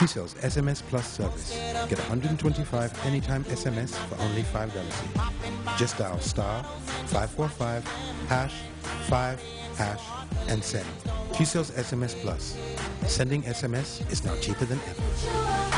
Qcell's SMS Plus service. Get 125 anytime SMS for only $5. Just dial star 545 hash 5 hash and send. Qcell's SMS Plus. Sending SMS is now cheaper than ever.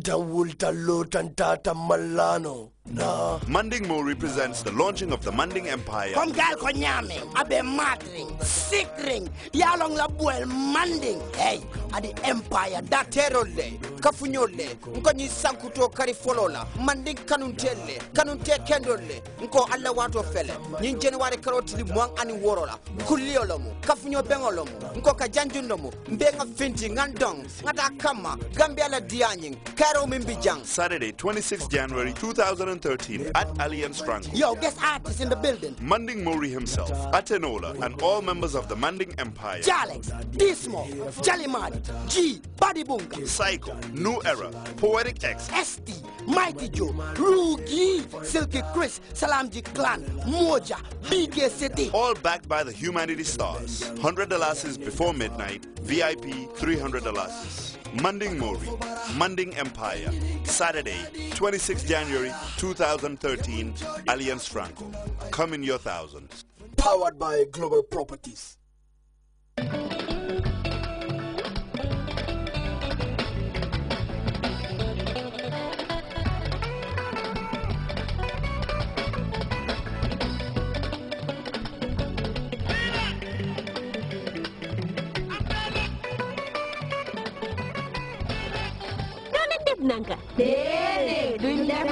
Tita Wulta Lotan Tata Malano. No. Manding Mo represents the launching of the Manding Empire. From Gal Konyame, Abe Matring, Sick Ring, Yalong Labuel Manding. Hey, at the Empire, Daterole, Kafunyole, Nkonyi Sankuto Karifolola, Manding Kanuntele, Kanunte Kendole, Nko Alla Wato Fele, Nin January Karotili Mwang Ani Worola, Kuliolomu, Kafunyo Bengolomu, Nko Kajanjunomu, Mbenga Finti, Ngandong, Ngata Kama, Gambia La Dianying, Karo Mimbijang. Saturday, 26 January 2000. 7.13 at Allianz Franco. Yo, guest artist in the building. Manding Mori himself, Atenola, and all members of the Manding Empire. Jalex, Dismo, Jalimad, G, Body Psycho, New Era, Poetic X. ST, Mighty Joe, Rookie, Silky Chris, Salamji Clan, Moja, BK City. All backed by the Humanity Stars. $100 before midnight, VIP $300. Manding Mori, Manding Empire, Saturday, 26 January 2013, Alliance Franco. Come in your thousands. Powered by Global Properties. ndànka déedéet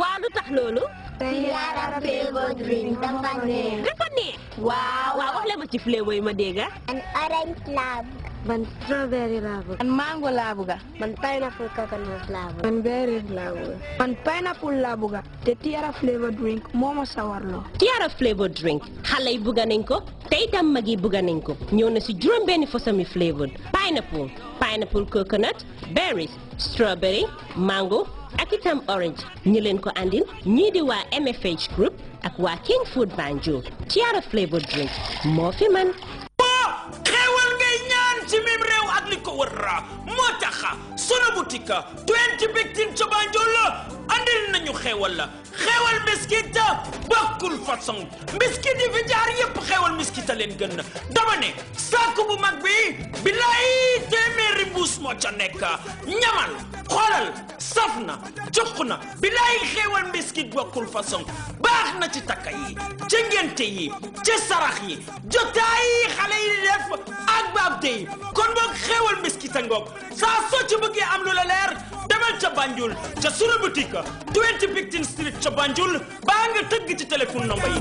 waa lu tax loolu Tiara flavor drink dafa neex waaw waaw wax leen ci flavor yi ma dégg an orange lab man strawberry mango laa bëgg. man pineapple coconut laa bëgg. man berry laa bëgg. man te tiara flavor drink moo ma sawarloo. tiara flavor drink xale yi bëgg nañ ko te itam mag yi bëgg nañ ko ñëw na ci juróom benni fosami flavor pineapple pineapple coconut berries strawberry mango ak itam orange ñi leen ko andil ñii di waa MFH group ak waa King Food Banjul tiara flavor drink moo fi man. warra moo taxa sonobutika 20 biktin cobanjol la andil nañu xeewal la xeewal miskita bokkul façon miskit yi fi jaar yépp xeewal miskita leen gën na dama mag bi bilaay moo ca nekk ñamal xoolal saf na jox na bilaay xéewal mbiskit bokkul façon baax na ci takka yi ca ngénte yi ca sarax yi jotaay yi xale yi def ak baabte yi kon boog xéewal mbiskit a ngoog ci bëggee am lu la leer demal ca Banjul ca sunu boutique 20 Picton ca Banjul baa nga tëgg ci téléphone nomba yi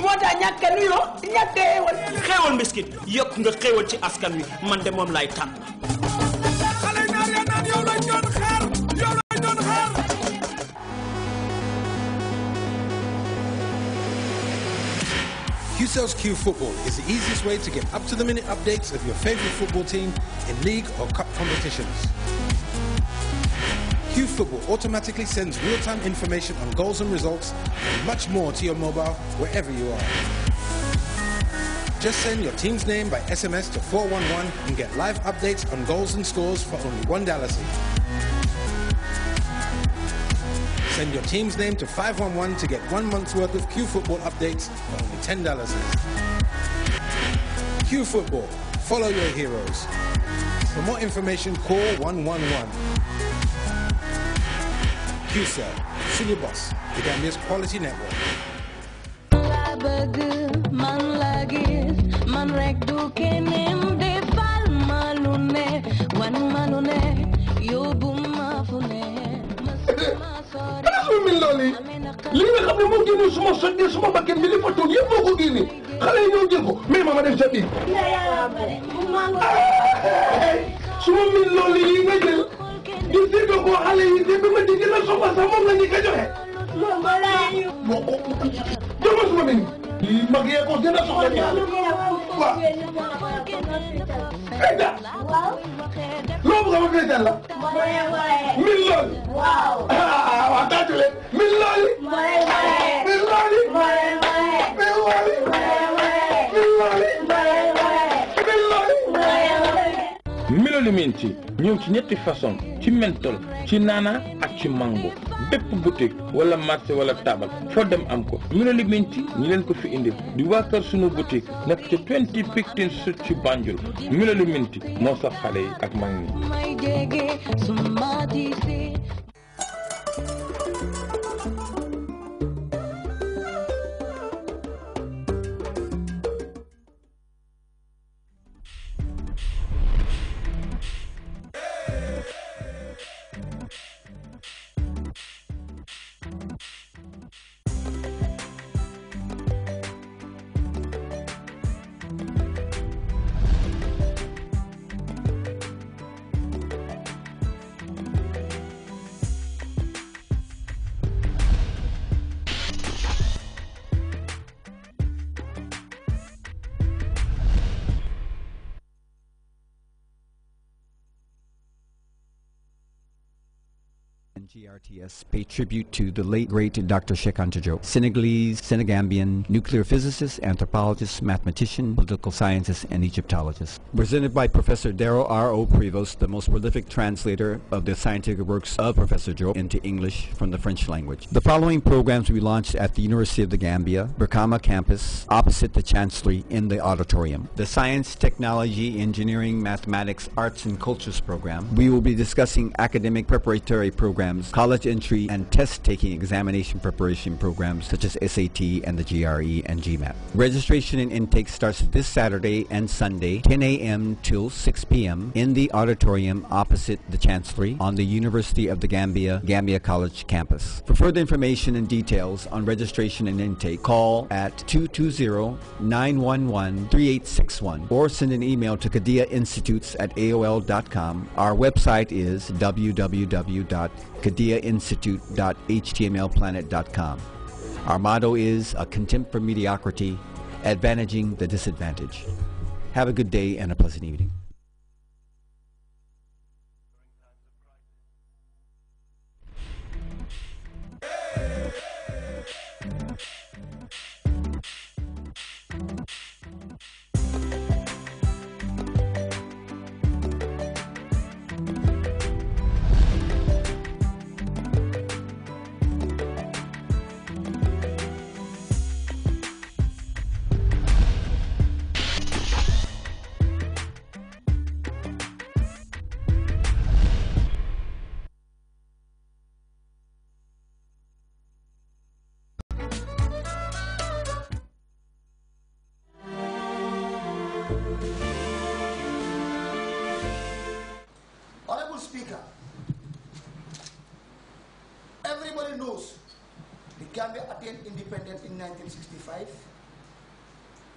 moo tax ñàkk Qcells Q Football is the easiest way to get up-to-the-minute updates of your favorite football team in league or cup competitions. Football automatically sends real-time information on goals and results and much more to your mobile wherever you are. Just send your team's name by SMS to 411 and get live updates on goals and scores for only one Dallasy. Send your team's name to 511 to get one month's worth of Q Football updates for only $10. Q Football. Follow your heroes. For more information, call 111. QCell suñu boss man laa man rek du keneen defal ma lu ne wan ma lu ne yóbbu ma fu ne. xanaa min loolu yi li nga xam ne moo génne suma soññee suma bakkan mi li fa toog yëpp moo ko génne xale yi ñoo jël ko mais mama def sa jërëjëf su ma demee. lii mag yee ko gën a soxla ñu. waaw. Keita. loo bëgg a wax Keita la. mil lool. waaw. ah waaw daa jëlee mil lool. peppermint ñëw ci ñetti façon ci mentol ci naana ak ci mango bépp boutique wala marché wala taabal foo dem am ko minoli minti ñi leen ko fi indi di waa kër sunu boutique nekk ca 20 Picton Street ci Banjul minoli minti moo sax xale yi ak mag ñi RTS pay tribute to the late great Dr. Sheikh Anta Diop, Senegalese, Senegambian, nuclear physicist, anthropologist, mathematician, political scientist, and Egyptologist. Presented by Professor Daryl R. O. Prevost, the most prolific translator of the scientific works of Professor Diop into English from the French language. The following programs will be launched at the University of the Gambia, Berkama campus, opposite the Chancellery in the auditorium. The Science, Technology, Engineering, Mathematics, Arts and Cultures program. We will be discussing academic preparatory programs, college college entry and test-taking examination preparation programs such as SAT and the GRE and GMAT. Registration and intake starts this Saturday and Sunday, 10 a.m. till 6 p.m. in the auditorium opposite the Chancellery on the University of the Gambia, Gambia College campus. For further information and details on registration and intake, call at 220-911-3861 or send an email to Institutes at aol.com. Our website is www.kadiainstitutes.com megainstitute.htmlplanet.com. Our motto is A Contempt for Mediocrity, Advantaging the Disadvantage. Have a good day and a pleasant evening. Gambia attained independence in 1965,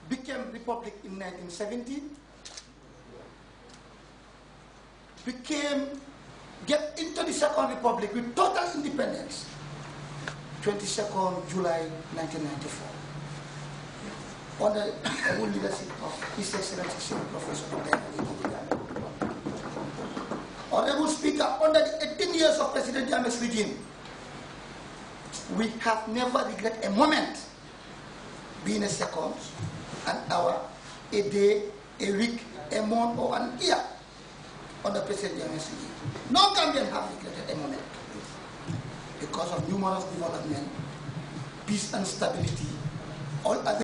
became republic in 1970, became, get into the Second Republic with total independence, 22nd July 1994, under the leadership of His Excellency Professor Honorable Speaker, under the 18 years of President James regime, we have never regret a moment being a second, an hour, a day, a week, a month, or an year on the present MSC. No Gambian have regretted a moment because of numerous development, peace and stability, all other